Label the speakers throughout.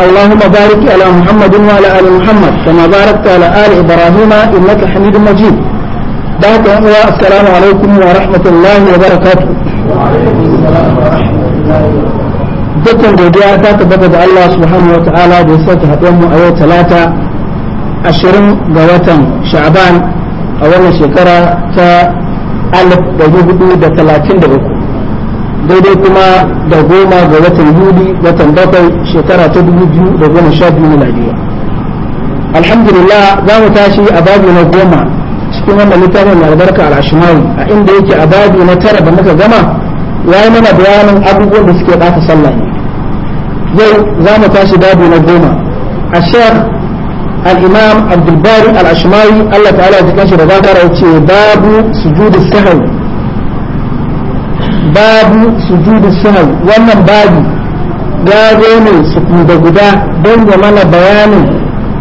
Speaker 1: اللهم بارك على محمد وعلى آل محمد كما باركت على آل إبراهيم إنك حميد مجيد بعد السلام عليكم ورحمة الله وبركاته dukkan godiya ta tabbata da Allah subhanahu wa ta'ala da ya sake haɗuwar mu a yau talata ashirin ga watan sha'ban a wannan shekara ta alif da hudu da talatin da uku daidai kuma da goma ga watan yuli watan bakwai shekara ta dubu biyu da goma sha biyu miladiya alhamdulillah za mu tashi a babu na goma cikin wannan littafin mai albarka al'ashimawi a inda yake a babu na tara da muka gama ya yi mana bayanin abubuwan da suke ɓata sallah ne yau za mu tashi babu na goma a shar al-imam abdulbari al allah ta'ala ya shi da bakara ya ce babu sujudu sahwi babu sujudu sahau wannan babu ya zo ne su guda guda don ya mana bayanin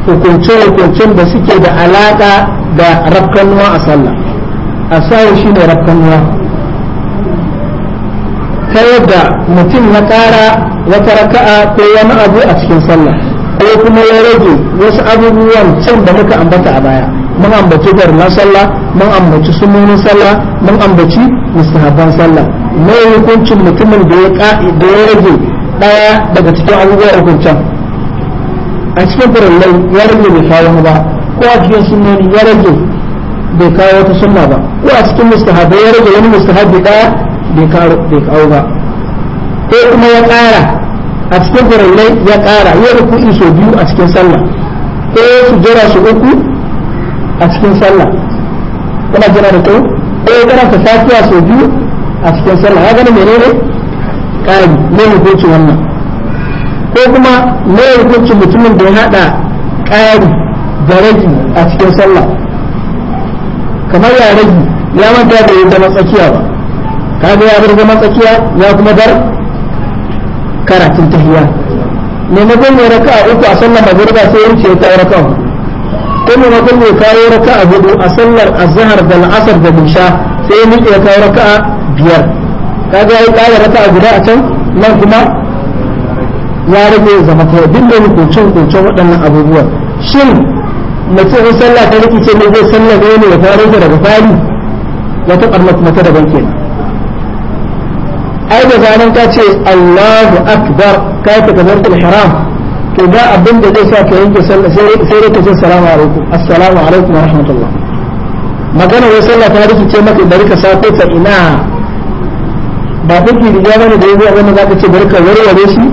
Speaker 1: hukunce-hukuncen da suke da alaƙa da rafkanuwa a sallah a sahu shi ne rafkanuwa ta yadda mutum na ƙara wata raka'a ko wani abu a cikin sallah ko kuma ya rage wasu abubuwan can da muka ambata a baya mun ambaci barna sallah mun ambaci sunonin sallah mun ambaci mustahabban sallah mai hukuncin mutumin da ya ya rage ɗaya daga cikin abubuwan hukuncin a cikin firallai ya rage bai kawo ba ko a cikin sunnoni ya rage bai kawo wata sunna ba ko a cikin mustahabi ya rage wani mustahabi ɗaya bai kawo ba ko kuma ya ƙara a cikin firallai ya ƙara ya rufu iso biyu a cikin sallah ko su jira su uku a cikin sallah kana jira da kyau ko ya karanta safiya sau biyu a cikin sallah ya gani menene kai ne hukunci wannan ko kuma ne hukunci mutumin da ya hada ƙari da ragi a cikin sallah kamar ya ragi ya manta da yin zama tsakiya ba kaga ya bar zama tsakiya ya kuma bar karatun tahiyya maimakon ne raka a uku a sallar magriba sai yanke ya kawo raka ko na ne kawo raka a hudu a sallar azhar da al'asar da musha sai ya miƙe ya kawo raka biyar kaga ya ƙara raka a guda a can nan kuma ya rage zama kawai duk da kocin kocin waɗannan abubuwan shin mace in sallah ta rike ce ne zai sallah ga ne ya fara ta daga fari wata ɓarnar kuma ta daban kenan ai da zanen ka ce Allahu akbar ka ta gabar da haram to ga abin da zai sa ka yanke sallah sai dai ka ce assalamu alaikum assalamu alaikum wa rahmatullah magana wai sallah ta rike ce maka bari ka sako ta ina ba take riga bane da yanzu abin da zaka ce bari ka warware shi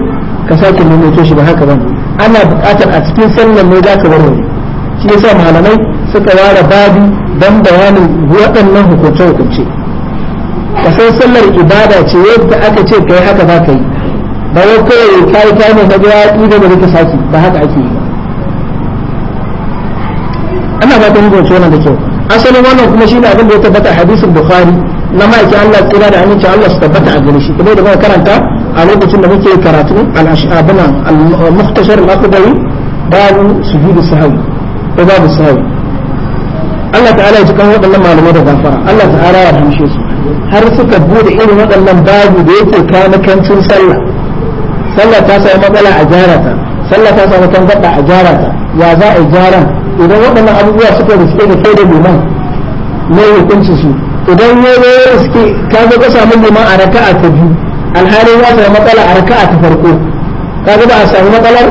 Speaker 1: ka sake maimaito shi ba haka ba ana buƙatar a cikin sallan ne zaka warware shi yasa malamai suka ware babi dan bayanin waɗannan hukunce hukunce ka san sallar ibada ce yadda aka ce kai haka za ka yi ba wai kawai kai kai ne daga ya ƙi da ka sake ba haka ake yi ana ba ta hukunce wannan da kyau asalin wannan kuma shine abin da ya tabbata hadisin bukhari na ma'aiki Allah tsira da aminci Allah su tabbata a gare shi kuma da muka karanta a lokacin da muke karatu al-ash'abuna al-muhtashar al-akhdari babu sujudu sahwi ko babu sahwi Allah ta'ala ya ji kan waɗannan malamai da gafara Allah ta'ala ya hamshe su har suka bude irin waɗannan babu da yake kanakancin sallah sallah ta samu matsala a gyara ta sallah ta samu tangarda a jarata ya za a yi gyara idan waɗannan abubuwa suka riske da kai da liman ne hukuncin su idan ya zo ya riske ka zo ka samu liman a raka'a ta biyu alhali ya samu matsala a raka'a ta farko ka ba a samu matsalar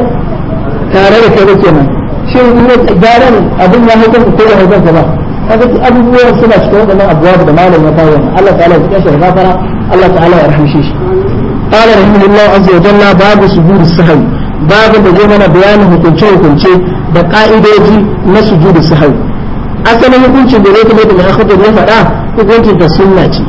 Speaker 1: tare da kai ba kenan shi ne gyaran abin ya hukunta ko da hukunta ba kaga abubuwan suna cikin waɗannan abuwa da malam ya kawo Allah ta'ala ya kashe gafara Allah ta'ala ya rahmishe shi قال رحمه الله عز وجل باب سجود السهو باب da zai mana bayanin hukunce-hukunce da ka'idoji na sujud sahwi asalin hukuncin da zai kuma da ya khatib ya fada hukuncin da sunna ce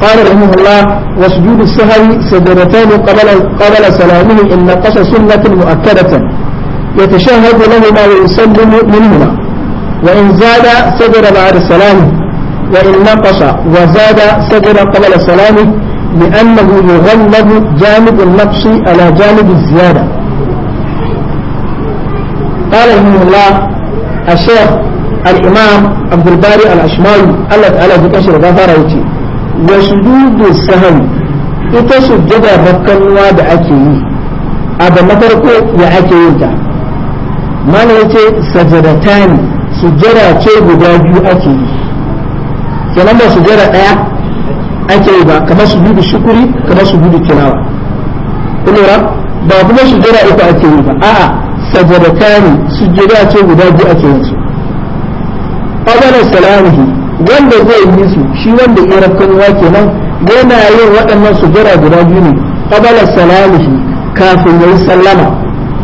Speaker 1: qala rahimahullah wasjudu sahri sadratan qabla qabla salamihi in naqasa sunnatan mu'akkadatan yatashahadu lahu ma yusallimu minhu وإن زاد سجد بعد السلام وإن نقص وزاد سجد قبل السلام لأنه يغلب جانب النقص على جانب الزيادة قال الشيخ الإمام عبد الباري الأشمالي الله تعالى بكشر غفر يتي وشدود السهم ita sujjada bakkanuwa da ake yi abu na farko ya ake yin ta mana ya ce sajadatan sujjada ce guda biyu ake yi kenan ba sujjada ɗaya ake yi ba kamar su gudu shukuri su ba kuma ita ake yi ba a'a sajadatani sujjada ce guda biyu a cikin su qabala salamihi wanda zai yi su shi wanda ya wa kenan yana yin waɗannan sujjada guda biyu ne qabala salamihi kafin ya yi sallama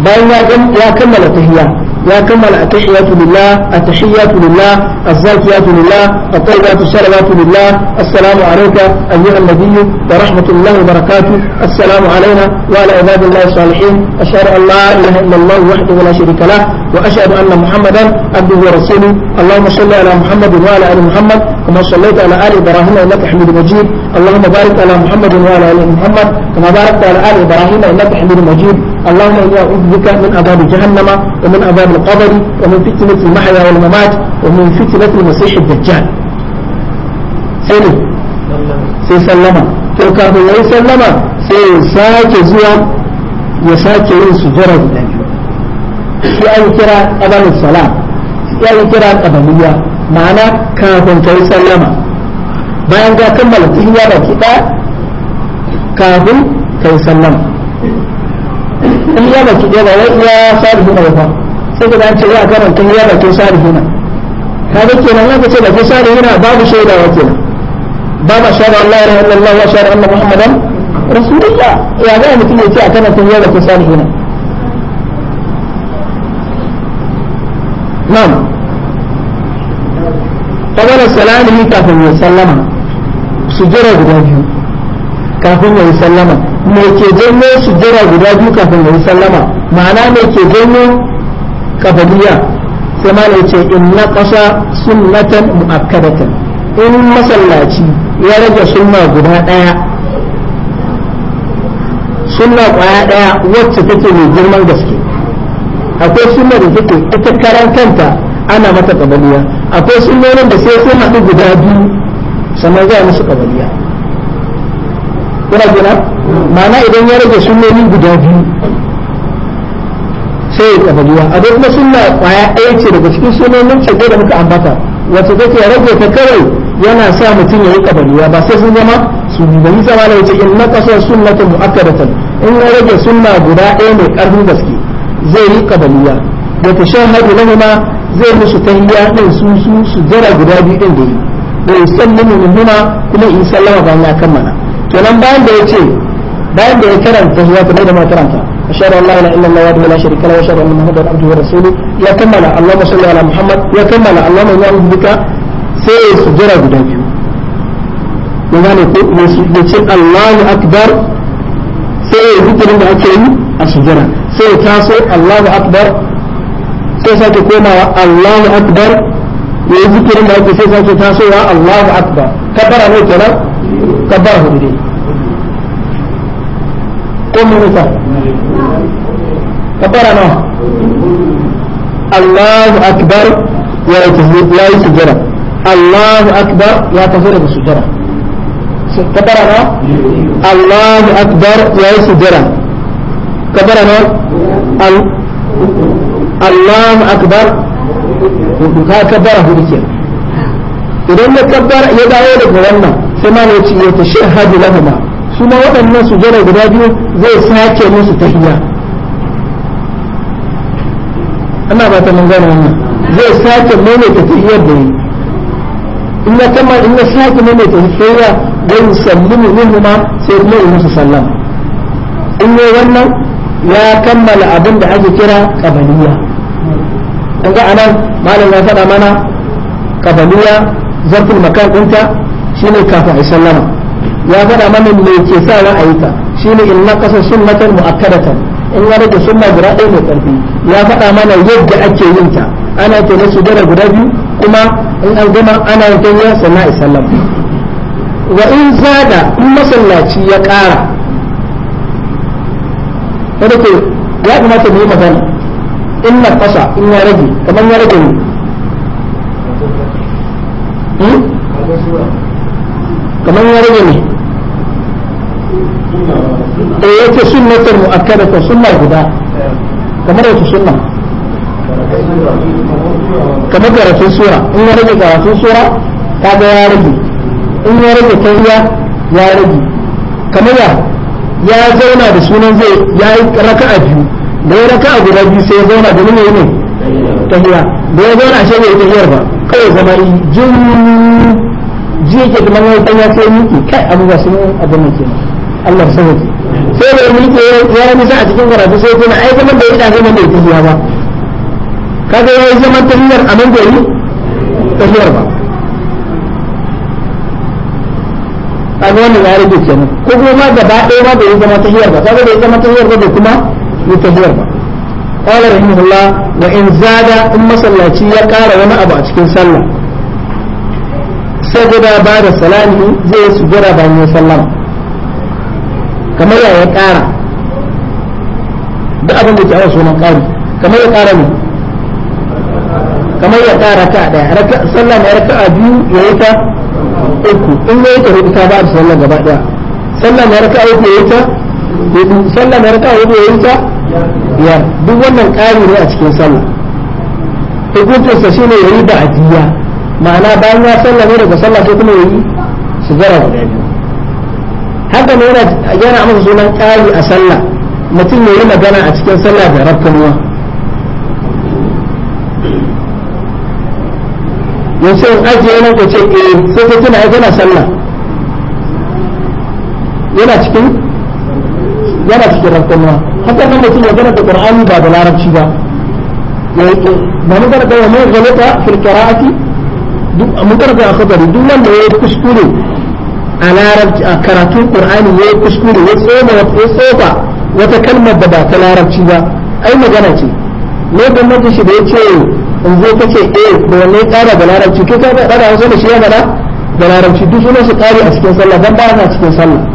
Speaker 1: bayan ya kammala tahiyya ya kammala at-tahiyatu lillah a tahiyatu lillah az-zakiyatu lillah at-tayyibatu salawatu lillah assalamu alayka ayyuha an wa rahmatullahi wa barakatuh assalamu alayna wa ala ibadillahi salihin ashhadu an la ilaha illa wahdahu la sharika lah wa ashhadu anna muhammadan abduhu wa rasuluhu allahumma salli ala muhammad wa ala ali muhammad كما صليت على آل إبراهيم إنك حميد مجيد اللهم بارك على محمد وعلى آل محمد كما باركت على آل إبراهيم إنك حميد مجيد اللهم إني أعوذ بك من عذاب جهنم ومن عذاب القبر ومن فتنة المحيا والممات ومن فتنة المسيح الدجال سيدي سي sallama to kafin ya yi sallama sai ya sake zuwa ya sake yin sujjara guda biyu shi an kira ƙabalin ma'ana kafin ka yi sallama bayan ka kammala tahiyya baki ɗaya kafin ka yi sallama tahiyya baki ɗaya ba wai iya salihina ba fa sai ka dace za a karanta tahiyya baki salihina kaga kenan ya ce baki salihina babu shaidawa kenan babu shara Allah ya rahama Allah wa shara Allah Muhammadan rasulullah ya ga mutum ya ce a karanta tahiyya baki salihina na'am qabla salami kafin ya sallama jira guda biyu kafin ya yi sallama mai ke janyo jira guda biyu kafin ya yi sallama ma'ana me ke janyo kabaliya sai ma ce in na kasa sunnatan mu'akkadatan in masallaci ya rage sunna guda daya sunna kwaya daya wacce take mai girman gaske akwai sunna da take ita karan kanta ana mata kabaliya akwai nuna da sai sun haɗu guda biyu sannan za a musu kabaliya kuna gina ma'ana idan ya rage nuna guda biyu sai ya kabaliya a kuma na kwaya ɗaya ce daga cikin ce caje da muka ambata wacce take rage ta kawai yana sa mutum ya yi kabaliya ba sai sun zama su ba yi zama da wace in na kasar ta mu'akkadatan in ya rage na guda ɗaya mai ƙarfin gaske zai yi kabaliya da ta shan hadu na zai musu tahiyya din su su su jira guda biyu din da yi da yusallimu min huna kuma in sallama ba ya kammala to nan bayan da ya ce bayan da ya karanta tahiyya kamar da ma karanta ashhadu an la ilaha illallah wahdahu la sharika lahu wa ashhadu anna muhammadan abduhu wa rasuluhu ya kammala allahumma salli ala muhammad ya kammala allahumma inni a'udhu sai ya sujjara guda biyu ya gane ko da ce allahu akbar sai ya zikirin da ake yi a sujjara sai ya taso allahu akbar sai sake komawa Allahu akbar ya yi zikirin da ake sai sake tasowa Allahu akbar kabbara ne kenan kabbara hudu ne ko minuta kabbara na Allahu akbar ya yi sujjara Allahu akbar ya tafi daga sujjara kabbara na Allahu akbar ya yi sujjara kabbara na Allahu akbar ka kabbara hudu kenan idan ya kabbara ya dawo daga wannan sai ma ne ce ya tashahhadu lahuma su ma waɗannan su jira guda biyu zai sake musu tahiyya ana ba ta mun gane wannan zai sake maimaita tahiyyar da yi in ya kama in ya sake maimaita tahiyya zai yusallimu minhuma sai kuma yi musu sallama in yi wannan ya kammala abin da ake kira kabaliya in ga anan malam ya faɗa mana kafaliya zarfin makan ɗinta shine kafin a sallama ya faɗa mana me ke sa ra'ayita shine in na kasa sunnatan mu'akkadatan in ya rage sunna guda ɗaya mai ƙarfi ya faɗa mana yadda ake yin ta ana ta na sujjada guda biyu kuma in an gama ana yin tanya sannan a sallama wa in zada in masallaci ya ƙara wadda ke ya kamata mu yi magana in na fasa in ya rage kamar ya rage ne hmm? kamar ya rage ne da eh, ya ce sunnatar mu'akkada ta sunna guda kamar wata sunna kamar karatun sura in ya rage karatun sura ta ga ya rage in ya rage ta tayya ya rage kamar ya ya zauna da sunan zai ya yi raka'a biyu da ya raka guda biyu sai ne tahiya da ya zauna shi ba kawai zama yi jin ji yake da ya sai miki kai sun ke Allah sai da miki ya yi nisa a cikin karatu sai ai zaman da ya da zaman da ya tahiya ba kaga ya yi zaman a nan da yi tahiyar ba kaga wannan ya rage kenan ko kuma gaba ɗaya ma bai yi zama tahiyar ba kaga bai zama tahiyar ba da kuma mutahiyar ba qala rahimahullah wa in zada in masallaci ya ƙara wani abu a cikin sallah sajada ba da salami zai sujjada bayan ya sallama kamar ya ya ƙara da abin da ke awa sunan ƙari kamar ya ƙara ne kamar ya ƙara ta ɗaya sallama ya raka'a biyu ya yi ta uku in ya yi ta hudu ba da sallah gaba ɗaya sallah ya uku ya yi ta hudu sallah mai raka hudu ya yi ta biyar duk wannan ƙari ne a cikin sallah hukuncinsa shi ne ya yi ajiya ma'ana bayan ya sallah ne daga sallah sai kuma ya yi sigara guda biyu haka ne yana masa sunan ƙari a sallah mutum ya yi magana a cikin sallah da rakkanuwa yanzu in ajiye nan ko ce eh sai ka tuna ai sallah yana cikin yana cikin rafkanuwa haka nan mutum ya karanta qur'ani ba da larabci ba ba mu karanta wa mai galata fil qira'ati mu karanta a khabari duk wanda ya yi kuskure a larabci a karatun qur'ani ya kuskure ya tsoma ya tsofa wata kalmar da ba ta larabci ba ai magana ce ne da mutum shi da ya ce in zo ce eh da wanne ya tsara da larabci kai ka da da wasu da shi ya faɗa da larabci duk sunan su kare a cikin sallah ban ba na cikin sallah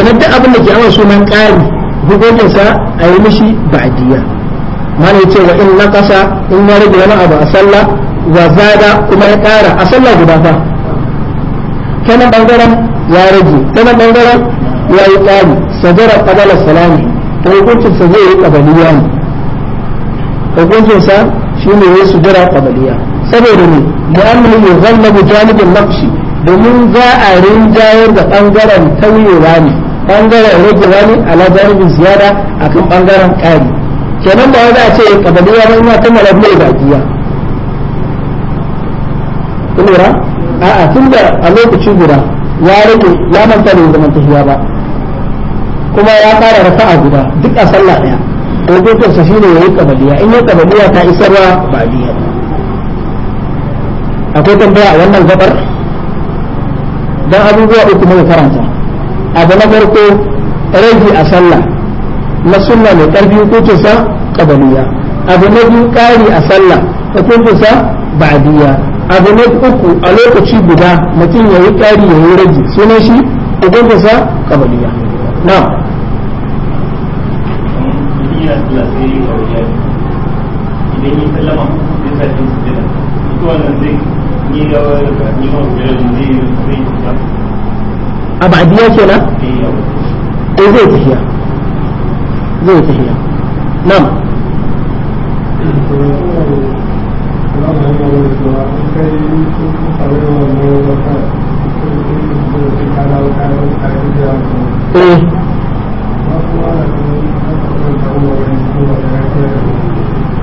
Speaker 1: kenan duk abin da ke ana sunan ƙari hukuncinsa a yi mishi ba'diya malai ce wa in naqasa in ya rage wani abu a sallah wa zada kuma ya ƙara a sallah guda fa kenan bangaren ya rage kenan bangaren ya yi ƙari sajara qabala salami to hukuncinsa zai yi qabaliya ne hukuncinsa shine yayi sujara qabaliya saboda ne mu'amman yughallabu janibin naqshi domin za a rinjayar da ɓangaren tauyewa ne bangaren rage ne a janibin ziyara kan bangaren ƙari kenan ba za a ce kabaliya ba ina tun malar mai bakiya kulura a'a tun da a lokaci guda ya rage ya manta da zaman ba kuma ya fara a guda duk a sallah ɗaya hukuntarsa shine ya yi kabaliya in ya kabaliya ta isarwa ba biya akwai tambaya a wannan gabar dan abubuwa uku mai karanta abu na farko rage a sallah na sunna mai karfi kusa kabaliya abu na biyu kari a sallah ko kusa ba'diya abu na uku a lokaci guda mutum ya yi kari ya yi rage suna shi ko kusa kabaliya na
Speaker 2: idan a ba'diya kenan eh zai tafiya zai tafiya nam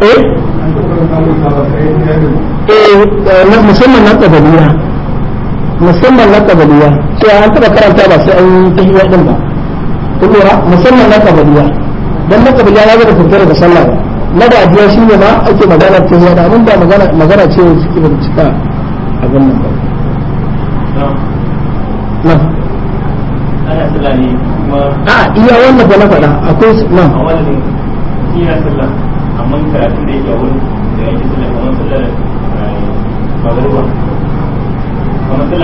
Speaker 2: eh
Speaker 1: eh musamman na tsabaliya musamman na kabaliya sai an taba karanta ba sai an yi tahiyya din ba kuma musamman na kabaliya dan na kabaliya ya zama fitar da sallah na da ajiya shi ne ma ake magana ta yada abin da magana magana ce wacce take da cika abin nan
Speaker 2: ba na a iya wannan ba na faɗa akwai na sallah amma karatun da yake a wurin da yake sallah kamar sallah eh, da ba ka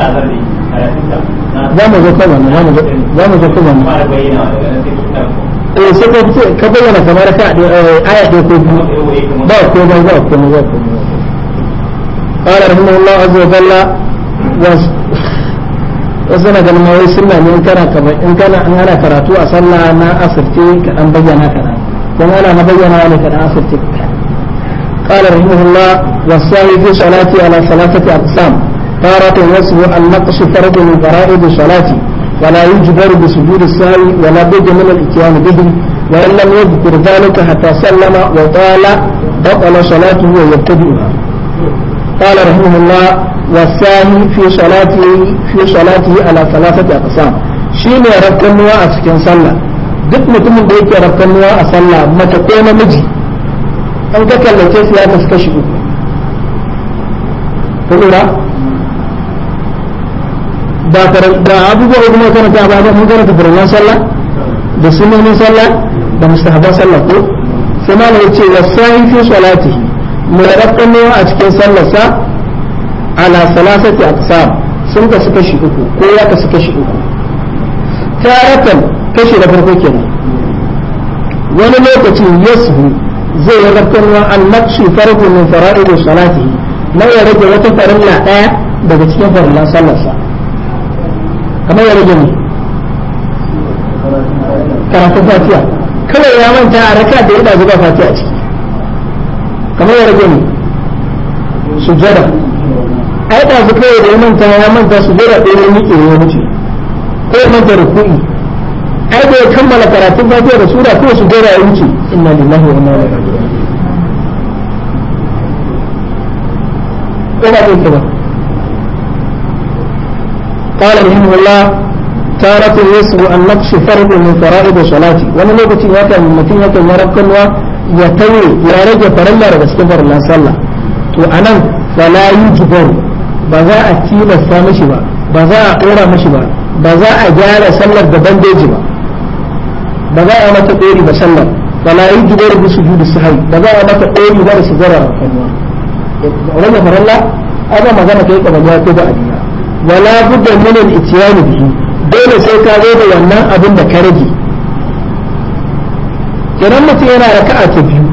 Speaker 1: kamar ka قال رحمه الله عز وجل وسنة الموي سنة من كان كما إن كان أن أنا كراتو أصلى ما أصرتي كأن بينا كنا كما أنا ما بينا ولي كنا قال رحمه الله وصلي في صلاتي على ثلاثه أقسام تارة وصف النقش فرد من فرائض الصلاة ولا يجبر بسجود السهو ولا بد من الاتيان به وإن لم يذكر ذلك حتى سلم وقال بطل صلاته ويبتدئها قال رحمه الله والساهي في صلاته في صلاته على ثلاثة أقسام شين ركنوا أسكن صلى duk mutumin da yake rakkanuwa a sallah mace ko namiji an ka kallace su ya kasu kashi uku ba da abubuwa da kuma karanta ba ba mun karanta farman sallah da sunanin sallah da mustahaban sallah ko sai malam ya ce wasa'i fi salati mai rakkano a cikin sallarsa ala salasati aqsam sun ka suka shi uku ko ya ka suka shi uku taratan kashi da farko kenan wani lokacin yasbu zai yi rakkano annaksu farko min fara'idu salati na ya rage wata farilla daya daga cikin farillan sallarsa kamar ya rage mu karatun fatiha kawai ya manta a raka da ya ɗazu ba fatiha ciki kamar ya rage mu sujada a yi ɗazu kawai da ya manta ya manta sujada ɗaya ya ya mutu ko ya manta rukuni yi da ya kammala karatun fatiha da sura ko sujada ya wuce inna lillahi wa inna ilaihi raji'un ko ba ta ba قال رحمه الله تارة يسر النقش فرض من فرائض الصلاة وانا لو كنت ياتا من متين ياتا يركن يتوي يرجع فرلا رجسكم فرلا صلى وانا فلا يجبر بذا أكيل الثامشي بذا أقير مشي بذا أجار صلى ببن ديجي بذا أمت قيري بسلم فلا يجبر بسجود السحي بذا أمت قيري بسجرة ركن وانا فرلا هذا ما كان كيف مجاته بأدية wala budda min al-ityan bihi dole sai ka zo da wannan abin da ka rage idan mutum yana raka'a ta biyu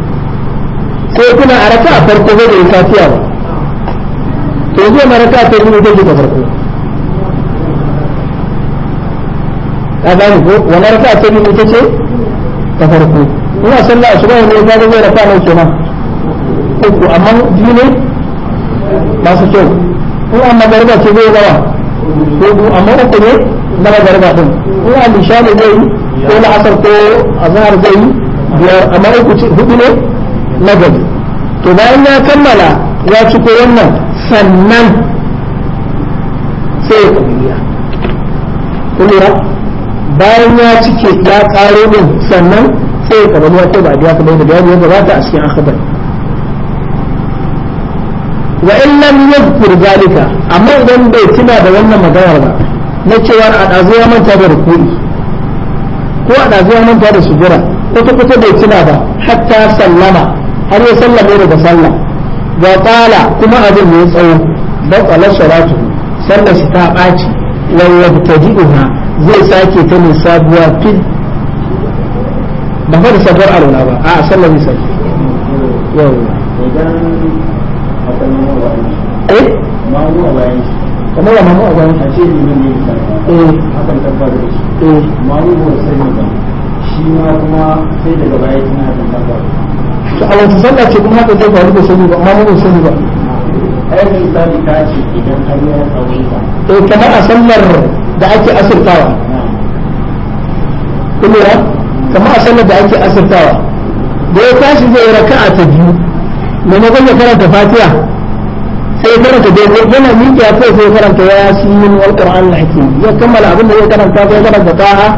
Speaker 1: sai kuna a raka'a farko zai da tafiya ba to zai ma raka'a ta biyu zai ta farko ka ga ko wala raka'a ta biyu ita ce ta farko ina sallah asuba ne ya ga zai raka'a ne kenan uku amma biyu ne su kyau in an magarba ce zai ko hudu amma uku ne na magarba din in an lisha ne zai yi ko na asar ko azhar zai yi biyar amma uku ce hudu ne na gari to bayan ya kammala ya ci ko wannan sannan sai ya kabiliya kulura bayan ya cike ya karo din sannan sai ya kabiliya ko ba biya kamar da bayani ba ta a cikin akhbar wa in lam yadhkur zalika amma idan bai tuna da wannan maganar ba na cewa a dazu ya manta da rukuni ko a dazu ya manta da sujura ta kuta bai tuna ba hatta sallama har ya sallame daga sallah wa qala kuma abin ne tsawo da qala salatu sallar shi ta baci wa yabtadi'uha zai sake ta ne sabuwa fil ba fa da sabuwar alwala ba a sallar ne sabuwa
Speaker 2: eh a kamar ya mamu a bayan shi a ce liman ne misali eh hakan tabbata da shi eh mamu ba sani ba shi ma kuma sai daga baya tana hakan tabbata to a wata sallah ce kuma haka zai faru da sani ba amma ba sani ba ai misali ta ce idan an yi tsawaita
Speaker 1: eh kamar a sallar da ake asirtawa kuma kamar a sallar da ake asirtawa da ya tashi zai raka'a ta biyu maimakon ya karanta fatiha sai karanta dai yana miƙe ya sai karanta ya yasin wal qur'an hakim ya kammala abin da ya karanta sai karanta taha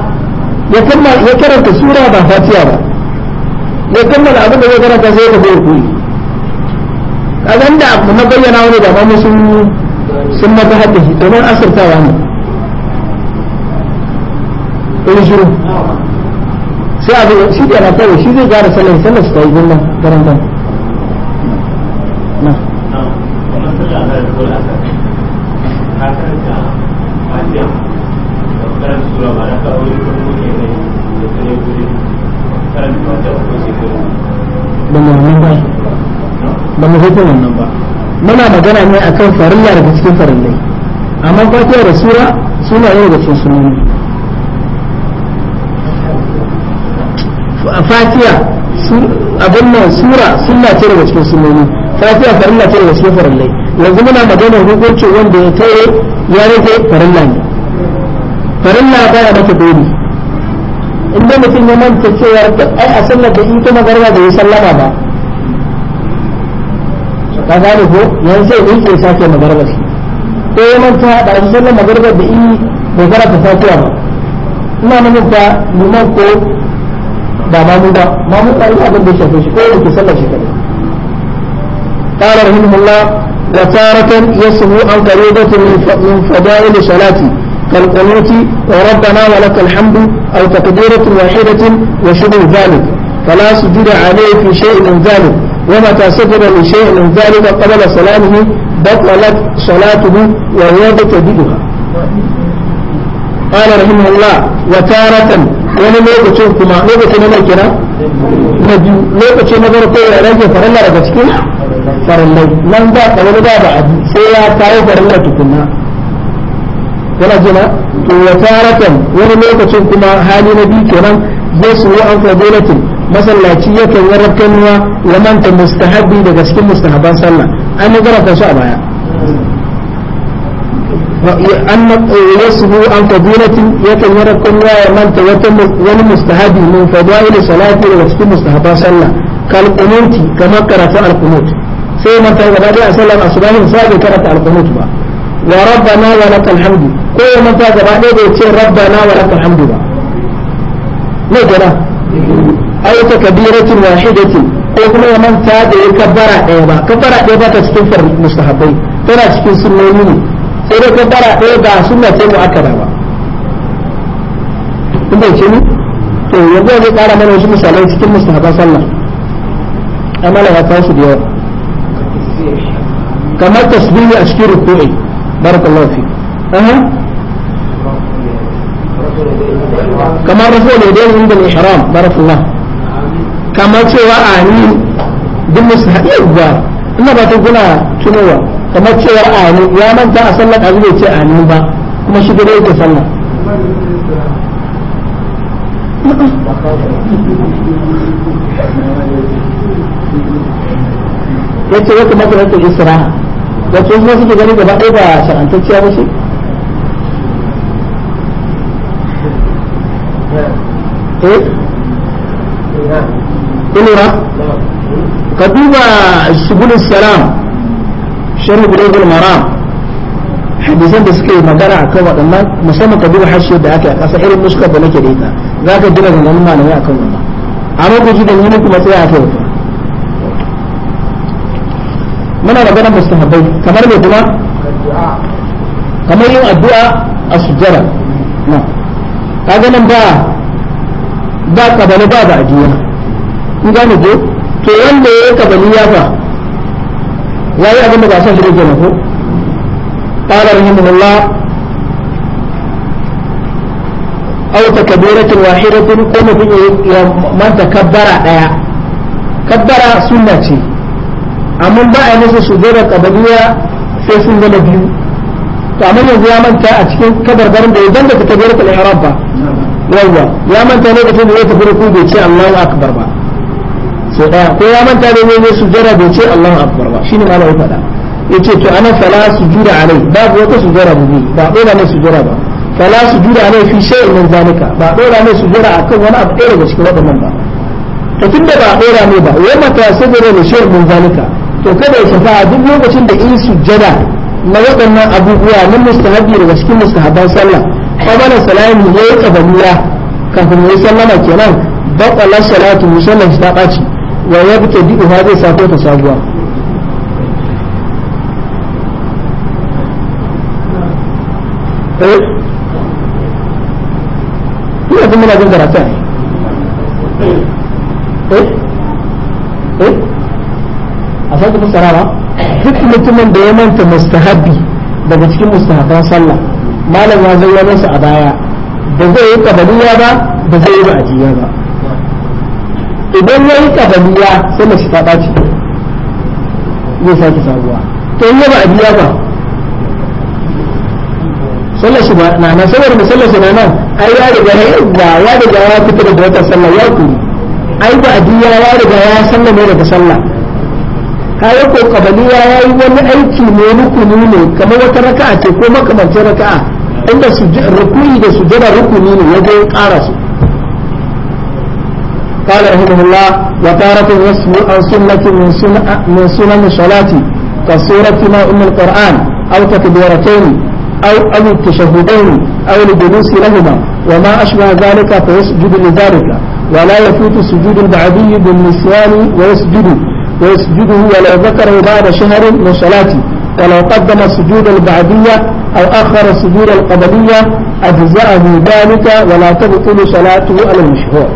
Speaker 1: ya kammala ya karanta sura ba fatiha ba ya kammala abin da ya karanta sai ka zai koyi kaga inda kuma bayyana wani da ba sun sun mata haddashi domin asirtawa ne ɗin shiru sai abin shi da na kawai shi zai gara sallar sallar su ta yi gina garantar ba mu ba ba mu hutun wannan ba muna magana ne akan farilla daga cikin farillai amma fatiha da sura suna yau da cikin sunani fatiha abin nan sura suna ce daga cikin sunani fatiha farilla ce daga cikin farillai yanzu muna magana hukunci wanda ya tare ya rage farilla ne farilla baya mata dole inda mutum ya manta cewa ai a sallar da in kuma garba da ya sallama ba ka gane ko yanzu sai in ke sake magarba shi ko ya manta da an sallar magarba da in bai ta fatiha ba ina manufa liman ko ba mamu ba mamu ɗari abin da ya shafe shi ko da ke sallar shi kadai قال رحمه الله وتارة يصف عن قريبة من فضائل صلاتي كالقنوت وربنا ولك الحمد أو تقديرة واحدة وشبه ذلك فلا سجد عليه في شيء من ذلك ومتى سجد لشيء من ذلك قبل سلامه بطلت صلاته وهو تجدها قال رحمه الله وتارة wani lokacin kuma lokacin na mai kira na biyu lokacin na farko ya rage farilla daga cikin farallai nan ba ka wani ba da abu sai ya kawo farallai tukunna kana jina to wa taratan wani lokacin kuma hali na biyu kenan zai su an fadilatin masallaci yakan yi rakkanuwa ya manta mustahabi daga cikin mustahaban sallah an yi garanta su a baya أن يسهو عن فضيلة يتمرك الله من توتم والمستهدي من فضائل صلاة وقت مستهبا صلى كالقنوت كما قرأت القنوت sai manta gaba daya a sallar asubahi sai bai karanta alqunut ba wa rabbana wa lakal hamdu ko ya manta gaba daya bai ce rabbana wa lakal hamdu ba me gana aw takbiratin wahidatin ko kuma ya manta da ya kabbara daya ba kabbara daya ba ta cikin farin mustahabbai tana cikin sunnoni ne sai dai kabbara daya ba sunna ce mu akada ba kun bai ni to yanzu zai kara mana wasu misalai cikin mustahabban sallah amma la ya da yawa kamar tasbihi a cikin ruku'i barakallahu fi kamar kamar cewa amin duk musu haɗe ina ba ta guna tunowa kamar cewa amin ya manta a sallar azu bai ce yace ya kamata ta wacce su suke gani gaba ɗaya ba shar'antacciya ba ce eh ilura ka duba shugulun salam sharri bulagul maram hadisan da suke magana a kan waɗannan musamman ka duba hashe da ake a ƙasa irin muskar da nake da ita za ka gina ganganin malamai a kan wannan amma ku ji da wani kuma tsaya a kai muna magana mustahabbai kamar me kuma kamar yin addu'a a sujjara kaga nan ba ba kabali ba da adiya in gane ko to wanda ya yi kabali ya ba yayi abin da ba san shi ne ko قال رحمه الله أو تكبيرة واحدة قم من تكبر ديا كبر سنة amma ba a musu sujudar kabariya sai sun zama biyu to amma yanzu ya manta a cikin kabarbarin da ya danda ta kabiratul ihram ba yawwa ya manta ne da ya tafi ruku bai ce Allahu akbar ba so daya ko ya manta ne ne yayin sujudar bai ce Allahu akbar ba shine malam ya faɗa yace to ana fala sujuda alai babu wata sujudar mu ba dole ne sujudar ba fala sujuda alai fi shay'in min zalika ba dole ne sujudar akan wani abu ɗaya daga cikin waɗannan ba to tunda ba dole ne ba yamma ta sujudar da shay'in min zalika to kada ya shafa duk lokacin da in sujjada na waɗannan abubuwa na mustahabi daga cikin mustahaban sallah mana salami ya yi kabaliya kafin ya yi sallama kenan baqala salatu musallan ta ɓaci wa ya bi ha zai sako ta sabuwa eh? ina jin za ku fassara ba duk mutumin da ya manta mustahabi daga cikin mustahaban sallah malam ya zayyana masa a baya da zai yi kabaliya ba da zai yi ba'adiyya ba idan ya yi kabaliya sai mace ta ɓaci zai sake sabuwa to in ya ba'ajiya ba sallar shi na na saboda da sallar shi na nan ai ya riga ya ba ya riga ya fitar da wata sallah ya kuri ai ba'ajiya ya riga ya sallame daga sallah kayan ko kabaliya ya yi wani aiki ne rukuni ne kamar wata raka'a ce ko makamancin raka'a inda rukuni da sujada rukuni ne wajen ƙara su قال رحمه الله وتارة يسمع عن سنة من سنن الصلاة كسورة ما أم القرآن أو تكبيرتين أو أو التشهدين أو الجلوس لهما وما أشبه ذلك فيسجد لذلك ولا يفوت سجود البعدي بالنسيان ويسجد ويسجده ولو ذكره بعد شهر من صلاته ولو قدم السجود البعدية أو أخر السجود القبلية أجزأه ذلك ولا تبطل صلاته على المشهور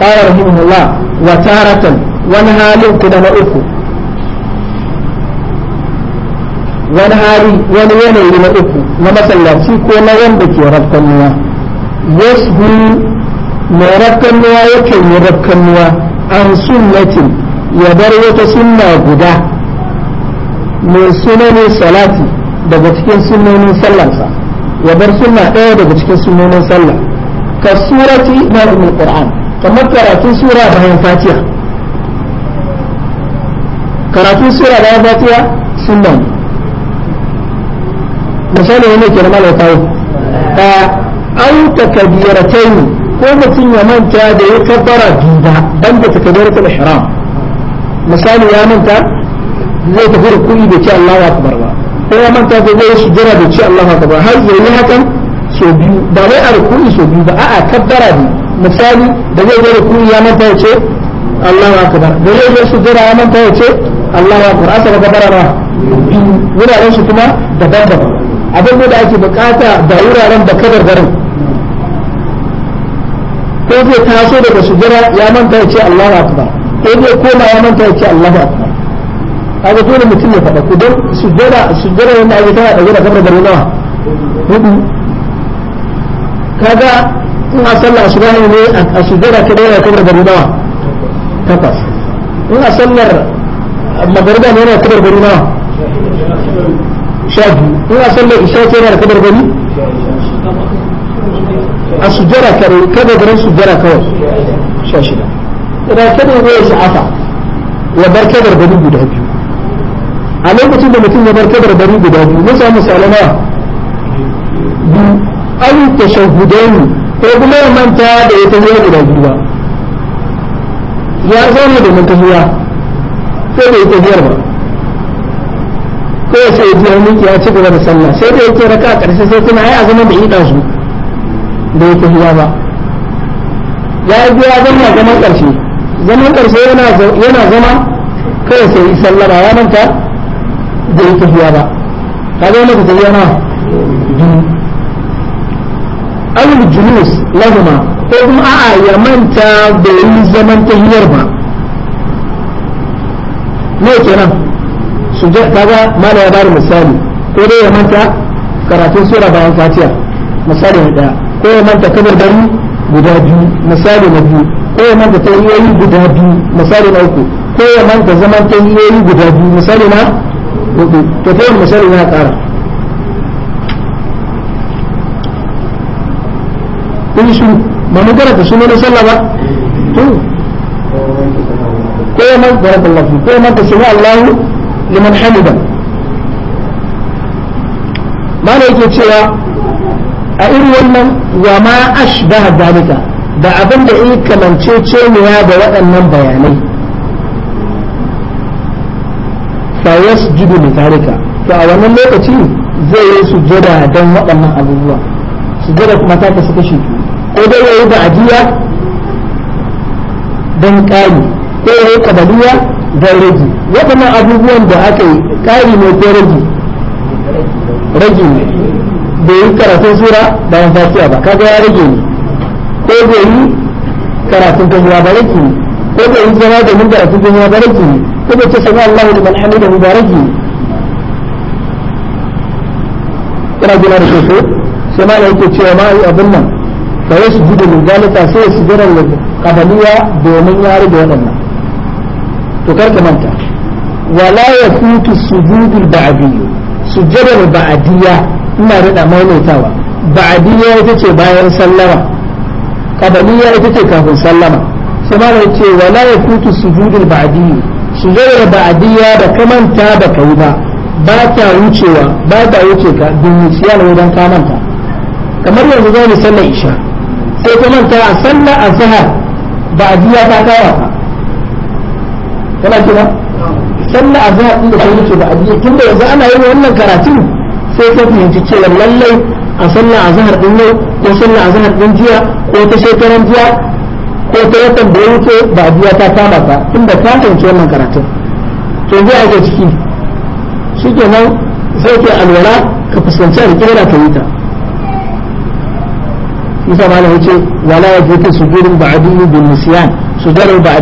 Speaker 1: قال رحمه الله وتارة ونهى لكنا نؤكو wani hali wani yanayi na uku na masallaci ko na wanda ke rafkanuwa yasbu mai rafkanuwa yakan yi rafkanuwa an sunnatin ya bar wata sunna guda mai sunanin salati daga cikin sunanin sallarsa ya bar sunna ɗaya daga cikin sunanin sallah ka surati na umar qur'an kamar karatun sura bayan fatiha karatun sura bayan fatiha sunna misali wani ke na malaka ɗaya au takabiratai ko mutum ya manta da ya kabbara biyu ba dan da da takbiratul ihram misali ya manta zai tafi rukuni da ce Allahu akbar ba ko ya manta da zai sujjara da ce Allahu akbar har yayi hakan so biyu ba wai a rukuni so biyu ba a'a kabbara biyu misali da zai zai rukuni ya manta ya ce Allahu akbar da zai zai sujjara ya manta ya ce Allahu akbar asa kabbara ba wuraren su kuma daban-daban abin da ake bukata da wuraren da kadar garin ko zai taso daga sujjada ya manta ya ce Allahu akbar ko zai koma ya manta ya ce Allahu akbar kaga dole mutum ya faɗa ku don sujjada sujjada yana yi tana ɗauke da kamar da nawa hudu kaga in a sallah asubahi ne a sujjada ta ɗaya kamar da nawa takwas in a sallar magariba ne yana kamar da nawa sha biyu in a sallar isha ce yana kamar gari a sujjara kare kada garin sujjara kawai sha shida da kada ya sha'afa ya bar kadar bari guda biyu a lokacin da mutum ya bar kadar bari guda biyu mun samu salama biyu an tashahudaini ko kuma ya manta da ya tafiya guda biyu ba ya zama da mun tafiya sai da ya tafiyar ba ko ya sai ya ji ya ci gaba da sallah sai da ya ce raka a ƙarshe sai kuma ai a zaman da idan su da ya tafiya ba ya yi ya zama zaman ƙarshe zaman ƙarshe yana zama kai sai sallama ya manta da ya tafiya ba ka zama maka tafiya na awul julus lahuma ko kuma a'a ya manta da yi zaman ta hiyar ba ne kenan su kaga mala ya bada misali ko dai ya manta karatun sura bayan fatiha misali na daya ko ya manta kabarbari guda biyu misali na biyu ko ya manta guda biyu misali na uku ko ya manta zaman guda biyu misali na hudu to ta misali na kara kun shi ba mu sunan sallah ba to ko ya manta barakallahu ko ya manta Allahu liman hamida mana yake cewa a irin wannan wa ma ashbaha zalika da abin da in ya da waɗannan bayanai fa yasjudu li zalika to a wannan lokaci zai yi sujjada don waɗannan abubuwa sujjada kuma ta kasu kashi ko dai yayi da ajiya don ƙari ko yayi kabaliya don rage waɗannan abubuwan da aka yi ƙari ne ko rage rage ne bai yi karatun sura bayan fatiha ba kaga ya rage ni ko bai yi karatun tahiyya ba rage ni ko bai yi zama da mun karatun tahiyya ba rage ni ko bai ce sami Allah da man hamida mu ba rage ni kana gina da soso sai ma yake cewa ma yi abin nan fa yasu judu min zalika sai su jira da kabaliya domin ya rage waɗannan to karka manta wala yafutu sujudul ba'diyya sujudul ba'diyya ina rada maimaitawa ba'adiyya ita ce bayan sallama qabaliyya ita ce kafin sallama sai ma ya ce wala yakutu sujudul ba'diyyi sujudul ba'diyya da kamanta da kai ba ba ta wucewa ba ta wuce ka dunyuciya ne dan kamanta kamar yanzu zai ni sallar isha sai ka manta a sallar azhar ba'diyya ta kawa kana kira sallar azhar din da kai wuce ba'diyya tunda yanzu ana yin wannan karatun sai ta fahimci cewa lallai a sallah zahar din yau ko sallah zahar din jiya ko ta shekaran jiya ko ta watan da ya wuce ba biya ta kama ba tunda ta fahimci wannan karatun to zai ake ciki shikenan sai ke alwala ka fuskanci alƙibla ka yi ta Musa ma ya ce wala ya je ta su sujurin ba'adiyyu bin musiyan su jarar ba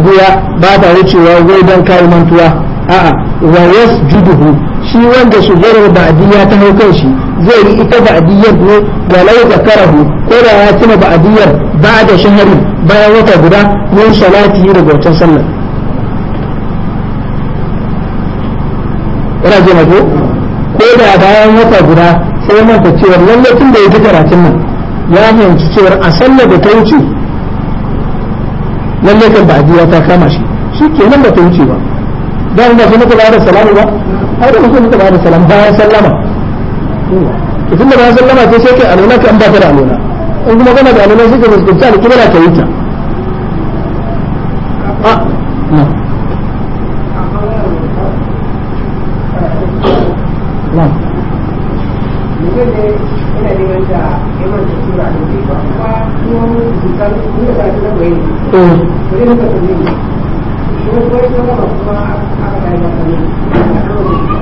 Speaker 1: ta wucewa wai don kayi mantuwa a'a wa yasjuduhu shi wanda shigarar ba'adiyya ta hau kan shi zai yi ita ba'adiyyar ne walau zakarahu ko da ya tuna ba'adiyyar ba da shahari bayan wata guda yin salati da bautan sallar. ina ji ko ko da bayan wata guda sai manta cewa lallai tun da ya ji karatun nan ya fahimci cewa a sallar da ta wuce lallai kan ba'adiyya ta kama shi shi kenan ba ta wuce ba da ba su muka bada salamu ba ai da su muka bada salam bayan sallama idan da bayan sallama ce sai kai alona ka an ba ta da alona in kuma kana da alona sai ka musulunta da kibla ka yi ta Mm.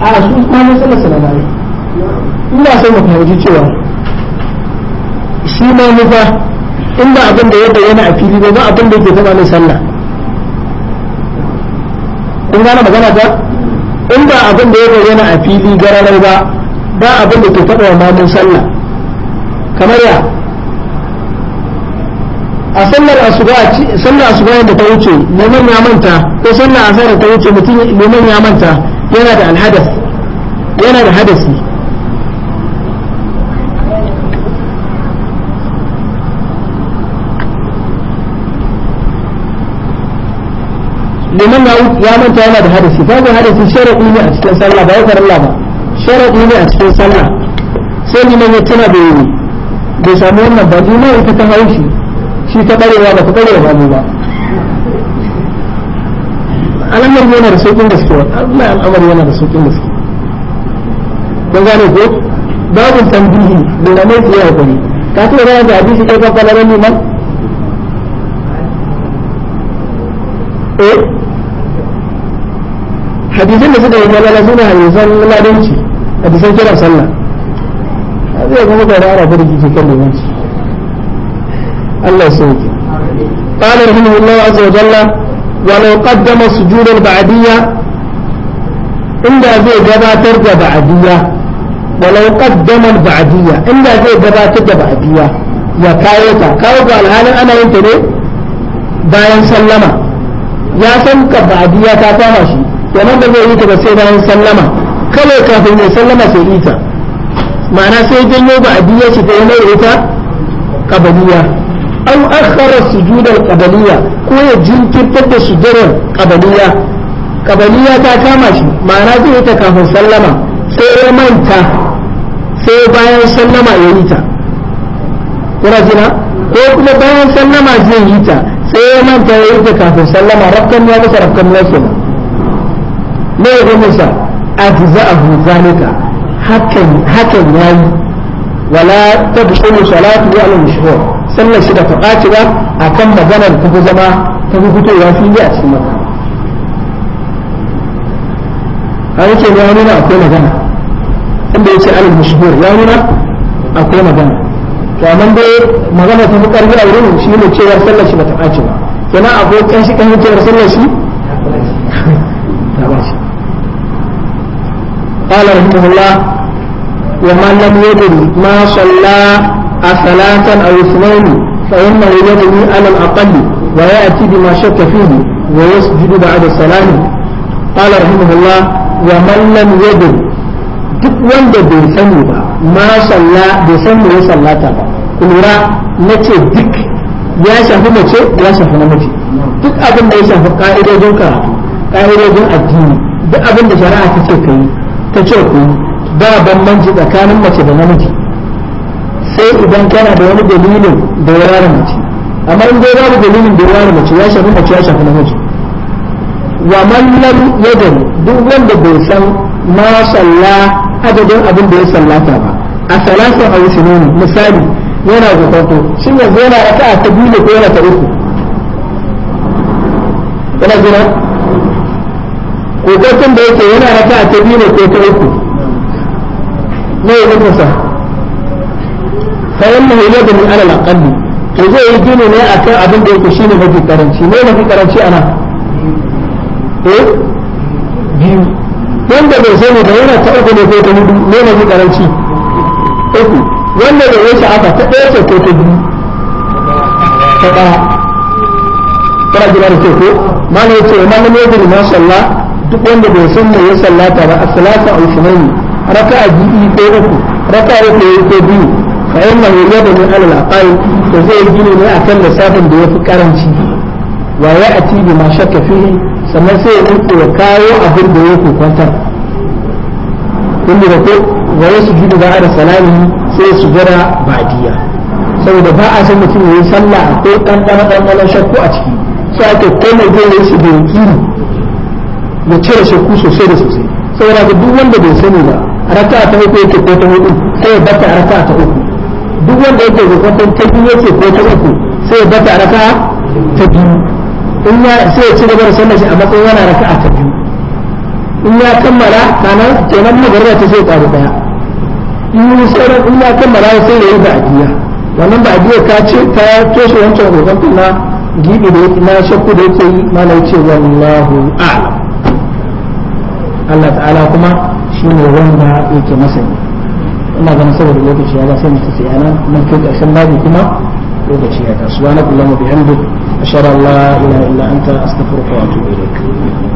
Speaker 1: a su kwanan sallar salamai ina sai mu fahimci cewa shi ma nufa in ba abin da ya bayyana a fili ba ba abin da yake zama mai sallah kun gane magana ta in ba abin da ya bayyana a fili gararar ba ba abin da ke taba wa mamun sallah kamar ya a sallar asuba sallar asuba da ta wuce neman ya manta ko sallar asar ta wuce mutum neman ya manta yana da alhadas yana da hadasi ya manta yana da hadasi babu hadasi sharaɗi ne a cikin sallah ba ya ba sharaɗi ne a cikin sallah sai liman ya tuna da yi bai samu wannan ba ita ta haushi shi ta ɓarewa ba ta ɓarewa ba al'amari yana da saukin gaske Allah al'amari yana da saukin gaske kun gane ko babu tambihi da mai tsaye a gari ka ce da ga hadisi kai ka fara ran liman eh hadisin da suka yi malala suna hadisan ladanci hadisan kira sallah zai kuma da rara da rikici kan limanci Allah ya sauke قال رحمه الله عز وجل ولو قدم سجود البعدية da ba'adiyya walau inda zai gabatar da ba'adiyya ya kawo ta kawo ga ana yin ne bayan sallama ya san ka ba'adiyya ta kama shi nan da zai yi ta ba sai bayan sallama kawai kafin ya sallama sai yi ta ma'ana sai janyo ba'adiyya shi ta yi mai ita kabaliya an akhara sujudar qabaliya ko ya jinkirtar da sujudar qabaliya qabaliya ta kama shi ma'ana zai yi ta kafin sallama sai ya manta sai bayan sallama ya yi ta kuna jina ko kuma bayan sallama zai yi ta sai ya manta ya yi ta kafin sallama rafkan ya masa rafkan ya kenan ne ya gama sa ajza'ahu zalika hakan ya yi. wala ta tabqulu salatu ala al-mashhur sallar shi da ta ɓaci ba a kan maganar ta fi zama ta fi fitowa fili a cikin maka a yake ya nuna akwai magana inda ya ce alal mashhur ya nuna akwai magana to amma dai magana ta fi ƙarfi a wurin shi ne cewa sallar shi ba ta ɓaci ba kenan akwai ƙanshi ƙanshi cewar sallar shi قال رحمه الله ومن لم يدر ma صلى أثلاثا أو اثنين فإنه يبني على الأقل ويأتي بما شك فيه ويسجد بعد السلام قال رحمه الله ومن لم يدر duk wanda bai sani ba ma salla bai san me ya sallata ba na ce duk ya shafi mace ya shafi namiji duk abin da ya shafi ka'idodin karatu ka'idodin addini duk abin da shari'a ta ce kai ta ce ku ba bambanci tsakanin mace da namiji sai idan kana da wani dalilin da ya rana mace amma in dai babu dalilin da ya rana mace ya shafi mace ya shafi namiji wa man lam yadan duk wanda bai san ma salla adadin abin da ya sallata ba a salasa a wasu misali yana shi ne yanzu yana a ta biyu ko yana ta uku yana jira kokarfin da yake yana a ta biyu ko ta uku ne ya sa fa yannahu yadun ala al-aqall to zai yi gini ne akan abin da yake shine mafi karanci ne mafi karanci ana eh biyu wanda bai sani da yana ta uku ko ta hudu ne mafi karanci uku wanda bai yi sha'afa ta ɗaya ce ko ta biyu ta ɗaya kana gida da ko mana yace man lam yadri ma sallah duk wanda bai san me ya sallata ba as-salatu a sunnah raka'a biyu ko uku raka'a ko biyu fa inna hu yabni ala al-aqal to zai gini ne akan lissafin da yafi karanci wa ya'ti bima shakka fihi sannan sai ya rinko ya kawo abin da yake kwantar kun da ko wa yasu gidu ba da salami sai su gara badiya saboda ba a san mutum yayin sallah akwai dan dan shakku a ciki sai ake kai mai da ya cire shakku sosai da sosai saboda duk wanda bai sani ba raka'a ta yake ko ta hudu sai ya bata raka'a ta uku duk wanda yake zaton ta biyu ce ko ta uku sai ya bata raka ta biyu in ya sai ya ci gaba da sallar shi a matsayin yana raka ta biyu in ya kammala kana kenan magariba ta sai ƙaru daya in sauran in ya kammala sai ya yi ba'adiyya wannan ba'adiyya ka ce ta toshe wancan kokonto na gidi da yake na shakku da yake yi malai ce wallahu a'lam Allah ta'ala kuma shine wanda yake masani ina ganin saboda lokaci ya sai mu tafi ana mun kai karshen babu kuma lokaci ya ta subhanakallahumma bihamdik ashhadu an la
Speaker 2: ilaha illa anta astaghfiruka wa atubu ilaik